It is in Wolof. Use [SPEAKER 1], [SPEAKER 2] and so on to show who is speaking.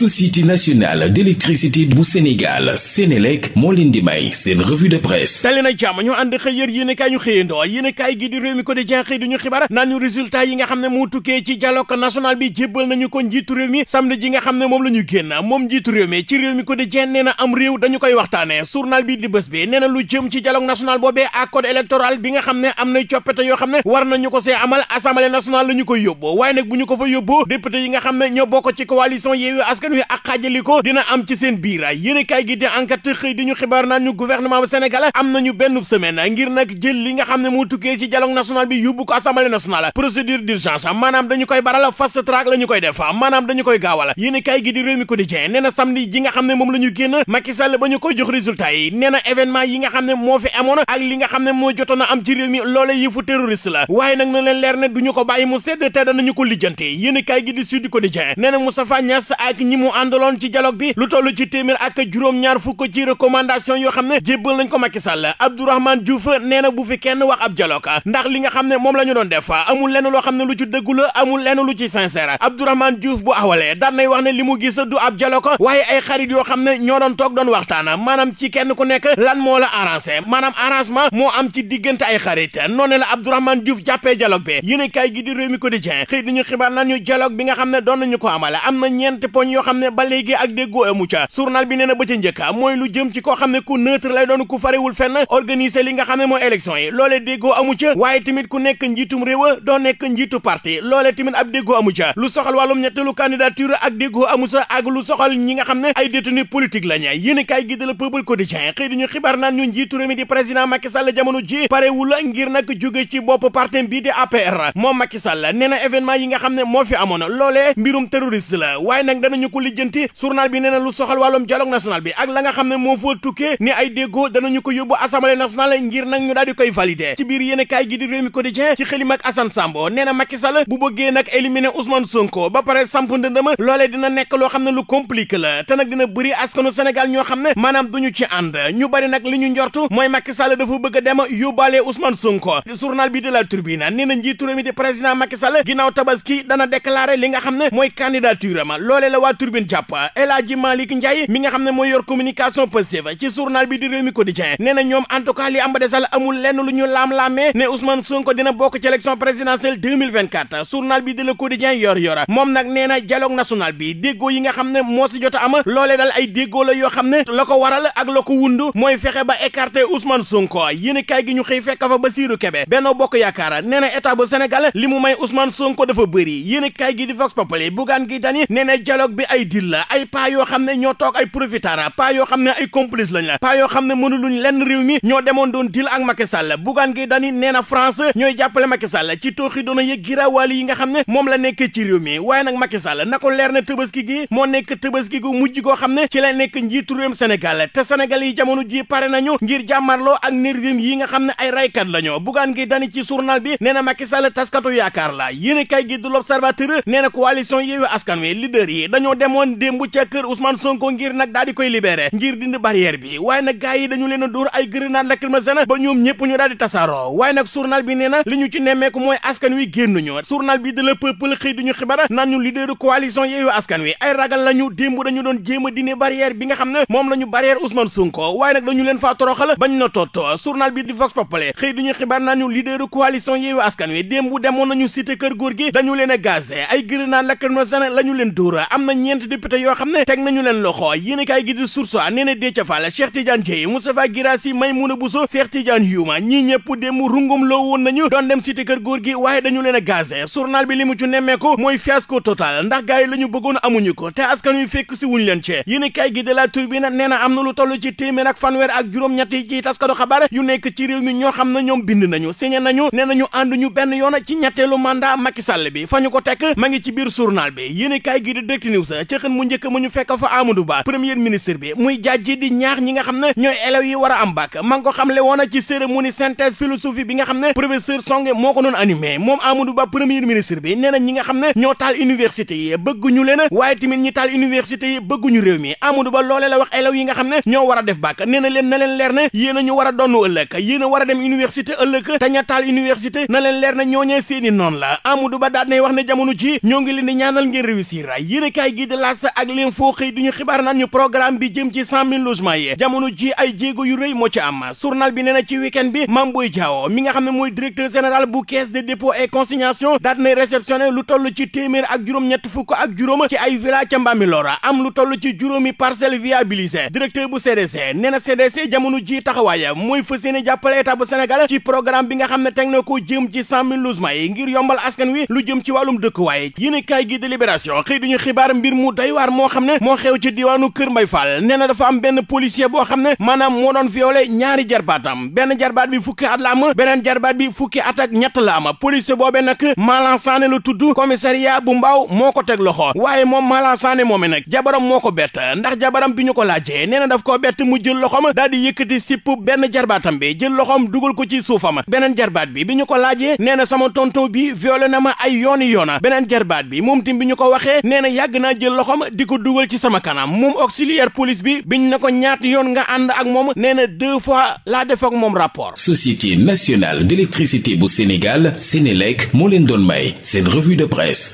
[SPEAKER 1] société nationale d'électricité bu Sénégal Sénélec moo leen di may seen revue de presse tali na ñu ànd xëy yër yéen ñu xëyandoo yéen i kaay gi di réew mi ko di jenxëy du ñu xibaar naan ñu résultat yi nga xam ne moom la ñu moom njiitu réew mi ci réew mi ko di jen nee am réew dañu koy waxtaane journal bi di bés bi nee lu jëm ci dialogue national boobee ak code électoral bi nga xam ne am na coppite yoo xam ne war nañu ñu ko fa yóbbu askan wi ak xaajaliko dina am ci seen biir yéenekaay gi di enquête xëy di xibaar naan ñu gouvernement bu Sénégal am nañu benn semaine ngir nag jël li nga xam ne moo tukkee ci dialogue national bi yóbbu ko assemblée nationale procédure d'urgence maanaam dañu koy baral fast track la ñu koy def maanaam dañu koy gaawal yéenekaay gi di Rewmi Quotidien nee na samedi ji nga xam ne moom la génn Macky Sall ba ñu koy jox résultat yi nee événement yi nga ne moo a am ci réew mi loole yëfu terroriste la waaye nag ne duñu mu àndaloon ci dialogue bi lu toll ci téeméer ak juróom-ñaar fukk ci recommandation yoo xam ne jébbal nañ ko Macky Sall Abdourahmane Diouf nee na bu fi kenn wax ab dialogue ndax li nga xam ne moom la ñu doon def amul lenn loo xam ne lu ci dëggu la amul lenn lu ci sincère Abdourahmane Diouf bu awalee daan nay wax ne li mu gis du ab dialogue waaye ay xarit yoo xam ne ñoo doon toog doon waxtaan maanaam ci kenn ku nekk lan moo la arrangé maanaam arrangement moo am ci diggante ay xarit noonu la Abdourahmane Diouf jàppee dialogue bi yéen a kaay gi di réew mi quotidien xëy dañu xibaar nañu dialogue bi nga xam ne doon nañu ko amale am na ñeenti poñ yoo xam ne ba léegi ak déggoo amu ca journal bi nee na ba ca njëkka mooy lu jëm ci koo xam ne ku neutre lay doon ku farewul fenn organiser li nga xam ne mooy élection yi loolee déggoo amu ca waaye tamit ku nekk njiitum réewa doo nekk njiitu parti loole tamit ab déggoo amu ca lu soxal wàllum ñetteelu candidature ak déggoo amu sa ak lu soxal ñi nga xam ne ay détenu politique la ña yéen kaay gi de la peuple quotidien xëy dañu xibaar naan ñu njiitu réew mi di président Macky Sall jamono ji parewul ngir nag jóge ci bopp di APR moom Macky Sall nee na événement yi nga xam ne moo fi amoon loolee mbirum terroriste la waaye ko lijjanti journal bi nee na lu soxal wàllum dialogue national bi ak la nga xam ne moo fa tukkee ni ay déggoo danañu ko yóbbu assemblée nationale ngir nag ñu daal di koy valider ci biir yéen kaay gi di Rewmi Quotidien ci xëlim ak Assane Sambo nee na Macky Sall bu bëggee nag éliminer Ousmane Sonko ba pare samp ndëndama dina nekk loo xam ne lu compliqué la te nag dina bëri askanu Sénégal ñoo xam ne maanaam ñu ci ànd ñu bari nag li ñu njortu mooy Macky Sall dafa bëgg a dem yóbbaale Ousmane Sonko journal bi de la Tribune nee na njiitu réew mi di président nga xam ne mooy candidature Tribune jàpp El Hadji Malick mi nga xam ne mooy yor communication ci journal bi di Rewmi Quotidien nee na ñoom en tout desal amul lenn lu ñu laam-laamee ne Ousmane Sonko dina bokk ci élection présidentielle 2024 journal bi di Le Quotidien yor yor moom nag nee na dialogue bi déggoo yi nga xam ne moo jot a am dal ay déggoo la yoo xam ne la waral ak la ko mooy fexe ba écarter Ousmane Sonko yéen kaay gi ñu xëy fekk fa ay dilla ay paa yoo xam ne ñoo toog ay profitara paa yoo xam ne ay complice lañ la paa yoo xam ne mënu luñ lenn réew mi ñoo demoon doon dil ak Macky Sall Bougane Gueye Dany nee na France ñooy jàppale Macky Sall ci tooxi doona yëg giraawaali yi nga xam ne moom la nekkee ci réew mi waaye nag Macky Sall na ko leer ne tëbaski gi moo nekk tëbaski gu mujj goo xam ne ci la nekk njiitu réewum Sénégal te senegal yi jamono ji pare nañu ngir jàmmarloo ak nervim yi nga xam ne ay raykat lañu Bougane Gueye Dany ci journal bi nee na Macky Sall taskatu yaakaar la yéen kay gi du l'observateur nee na coalition Yewwi Askan Wi leader yi dañoo demoon démb ca kër Ousmane Sonko ngir nag daal di koy libéré ngir dindi barrière bi waaye nag gars yi dañu leen a dóor ay grenade ba ñoom ñëpp ñu daal di tasaaroo waaye nag journal nee na li ñu ci nemmeeku mooy askan wi génnuñu journal bi de le peuple xëy duñu xibaar naan ñu leader coalition yeeyu askan wi ay ragal la ñu démb dañu doon jéem a dindi bi nga xam ne moom la ñu barrière Ousmane Sonko waaye nag dañu leen faa toroxal bañ na totto journal bi di Vox Populi xëy duñu xibaar naan ñu leader coalition yeeyu askan wi démb demoon nañu cité kër góor gi dañu leen a gazé ay grenade lacrymogène la ñu leen duura am na ñeenti député yoo xam ne teg nañu leen loxo yéen kaay gi di Source A nee na Déthié Fall Cheikh Tidiane Dièye Moustapha Guirassy Maïmouna Bousso Cheikh Tidiane Youma ñii ñëpp démb rungum loo woon nañu doon dem cité kër góor gi waaye dañu leen a gazé bi li mu ci nemmeeku mooy fiasco total ndax gars yi la ñu bëggoon amuñu ko te askan wi fekk si wuñu leen ci yéen kaay gi de La Tribune nee na am na lu toll ci téeméer ak fanweer ak juróom-ñett yi ci taskatu xabaar yu nekk ci réew mi ne ñoom bind nañu signé nañu nee nañu ànd ñu benn yoon ci ñetteelu mandat ko ma ngi ci biir journal bi yéen kaay gi di Direct ca xën mu njëkk mu ñu fekk fa Amadou Ba premier ministre bi muy jàjji di ñaax ñi nga xam ne ñooy élèves yi war a am bac ma ngi ko xamle woon ci cérémonie synthèse philosophie bi nga xam ne professeur Songe moo ko doon animé moom Amadou Ba premier ministre bi nee na ñi nga xam ne ñoo taal université yi bëgguñu leen waaye tamit ñi taal université yi bëgguñu réew mi Amadou Ba loolee la wax élèves yi nga xam ne ñoo war a def bac nee na leen na leen leer ne yéen a ñu war a donnu ëllëg yéen a war na leen leer na ñooñee seeni noonu la Amadou ñoo ngi leen di ñaanal ngeen réussir de las ak l'info xëy duñu xibaar naan ñu programme bi jëm ci cent mille logements yi jamono ji ay jéego yu rëy moo ci am journal bi nee na ci week-end bi Mame Boye Diao mi nga xam ne mooy directeur général bu caisse de dépôt et consignation daat nay réceptionné lu toll ci téeméer ak juróom ñett fukk ak juróom ci ay villa ca Mbambilor am lu toll ci juróomi parcelle viabilisé directeur bu CDC nee na CDC jamono ji taxawaaya mooy fas yéene jàppale état bu ci programme bi nga xam ne teg na ko jëm ci cent mille yombal askan wi lu jëm ci wàllum dëkkuwaay yéen kaay gi délibération mu doy waar moo xam ne moo xew ci diwaanu Kër Mbay Fall nee na dafa am benn boo xam ne maanaam moo doon violé ñaari jarbaatam benn jarbaat bi fukki at la am beneen jarbaat bi fukki at ak ñett la am policier boobee nag Malang Sané la tudd commissariat bu moo ko teg loxo waaye moo Malang Sané moome nag jabaram moo ko bet ndax jabaram bi ñu ko laajee nee na daf koo bett mu jël loxom daal di yëkkati sipp benn jarbaatam bi jël loxom dugal ko ci suufam beneen jarbaat bi bi ñ ko laajee nee na sama tonton bi violé na ma ay yooni yoona beneen jarbaat bi moom tim bi ñu ko waxee nee na yàgg jël ma di ko dugal ci sama kanam moom auxiliaire polis bi biñ na ko ñaati yoon nga ànd ak moom nee na deux fois laa def ak moom rapport. Société nationale d'électricité bu Sénégal Sénélec moo leen doon may seen revue de presse.